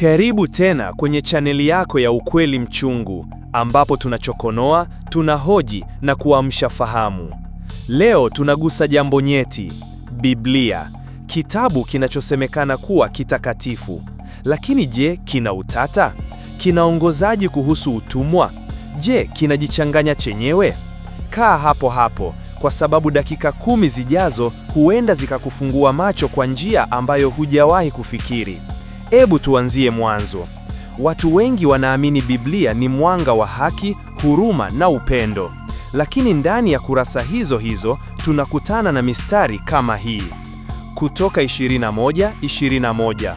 Karibu tena kwenye chaneli yako ya Ukweli Mchungu, ambapo tunachokonoa, tunahoji na kuamsha fahamu. Leo tunagusa jambo nyeti, Biblia, kitabu kinachosemekana kuwa kitakatifu. Lakini je, kina utata? kinaongozaji kuhusu utumwa? Je, kinajichanganya chenyewe? Kaa hapo hapo kwa sababu dakika kumi zijazo huenda zikakufungua macho kwa njia ambayo hujawahi kufikiri. Hebu tuanzie mwanzo. Watu wengi wanaamini Biblia ni mwanga wa haki, huruma na upendo, lakini ndani ya kurasa hizo hizo tunakutana na mistari kama hii. Kutoka 21, 21.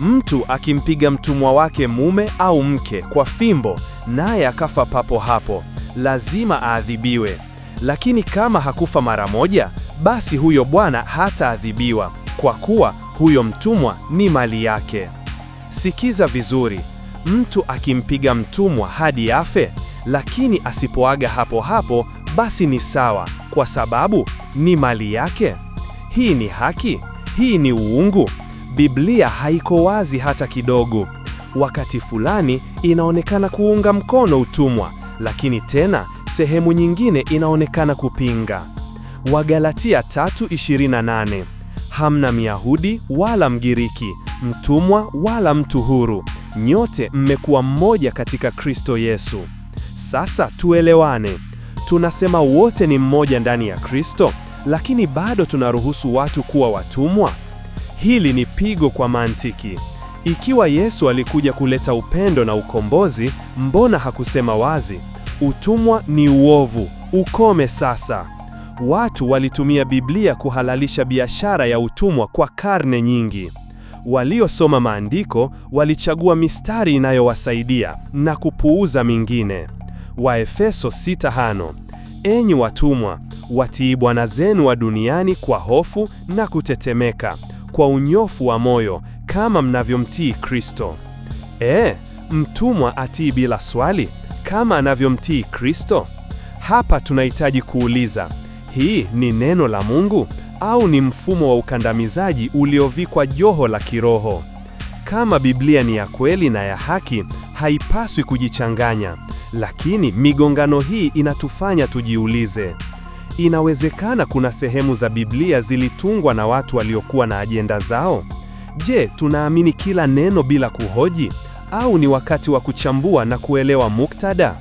Mtu akimpiga mtumwa wake mume au mke kwa fimbo, naye akafa papo hapo, lazima aadhibiwe. Lakini kama hakufa mara moja, basi huyo bwana hataadhibiwa kwa kuwa huyo mtumwa ni mali yake. Sikiza vizuri, mtu akimpiga mtumwa hadi afe, lakini asipoaga hapo hapo, basi ni sawa, kwa sababu ni mali yake. Hii ni haki? Hii ni uungu? Biblia haiko wazi hata kidogo. Wakati fulani inaonekana kuunga mkono utumwa, lakini tena sehemu nyingine inaonekana kupinga. Wagalatia 3:28 Hamna Myahudi wala Mgiriki, mtumwa wala mtu huru. Nyote mmekuwa mmoja katika Kristo Yesu. Sasa tuelewane. Tunasema wote ni mmoja ndani ya Kristo, lakini bado tunaruhusu watu kuwa watumwa. Hili ni pigo kwa mantiki. Ikiwa Yesu alikuja kuleta upendo na ukombozi, mbona hakusema wazi? Utumwa ni uovu, ukome sasa. Watu walitumia Biblia kuhalalisha biashara ya utumwa kwa karne nyingi. Waliosoma maandiko walichagua mistari inayowasaidia na kupuuza mingine. Waefeso 6:5 Enyi watumwa, watii bwana zenu wa duniani kwa hofu na kutetemeka, kwa unyofu wa moyo, kama mnavyomtii Kristo. E, mtumwa atii bila swali kama anavyomtii Kristo? Hapa tunahitaji kuuliza hii ni neno la Mungu au ni mfumo wa ukandamizaji uliovikwa joho la kiroho? Kama Biblia ni ya kweli na ya haki, haipaswi kujichanganya. Lakini migongano hii inatufanya tujiulize. Inawezekana kuna sehemu za Biblia zilitungwa na watu waliokuwa na ajenda zao? Je, tunaamini kila neno bila kuhoji au ni wakati wa kuchambua na kuelewa muktada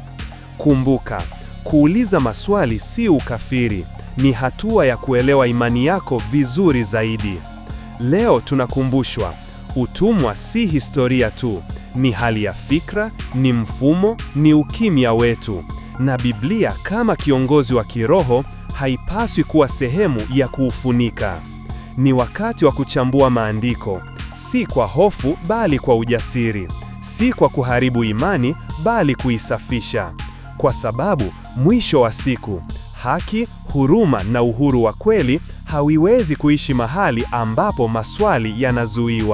Kumbuka, kuuliza maswali si ukafiri, ni hatua ya kuelewa imani yako vizuri zaidi. Leo tunakumbushwa, utumwa si historia tu, ni hali ya fikra, ni mfumo, ni ukimya wetu. Na Biblia kama kiongozi wa kiroho haipaswi kuwa sehemu ya kuufunika. Ni wakati wa kuchambua maandiko, si kwa hofu bali kwa ujasiri, si kwa kuharibu imani bali kuisafisha. Kwa sababu mwisho wa siku haki, huruma na uhuru wa kweli haviwezi kuishi mahali ambapo maswali yanazuiwa.